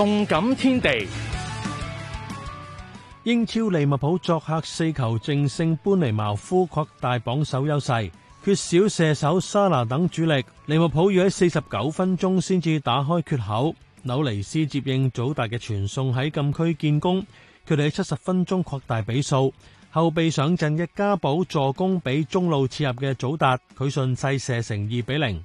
動感天地，英超利物浦作客四球淨勝，般尼茅夫擴大榜首優勢。缺少射手沙拿等主力，利物浦要喺四十九分鐘先至打開缺口。紐尼斯接應祖達嘅傳送喺禁區建功，佢哋喺七十分鐘擴大比數。後備上陣嘅加保助攻畀中路切入嘅祖達，佢順勢射成二比零。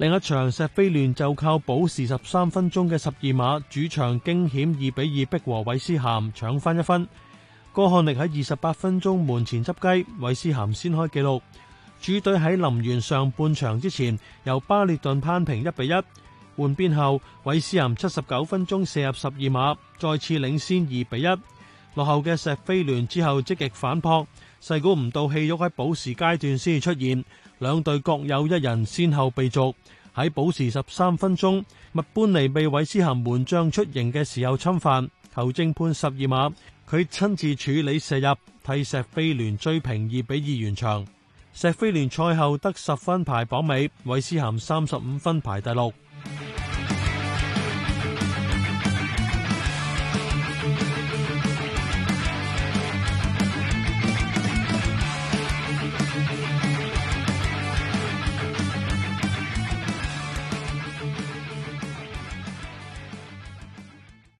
另一場錫菲聯就靠補時十三分鐘嘅十二碼，主場驚險二比二逼和韋斯咸，搶翻一分。哥漢力喺二十八分鐘門前執雞，韋斯咸先開紀錄。主隊喺臨完上半場之前由巴列頓攀平一比一，換邊後韋斯咸七十九分鐘射入十二碼，再次領先二比一。落後嘅錫菲聯之後積極反撲，細估唔到戲肉喺補時階段先至出現，兩隊各有一人先後被逐。喺補時十三分鐘，麥班尼被韋斯咸門將出迎嘅時候侵犯，球證判十二碼，佢親自處理射入，替錫菲聯追平二比二完場。錫菲聯賽後得十分排榜尾，韋斯咸三十五分排第六。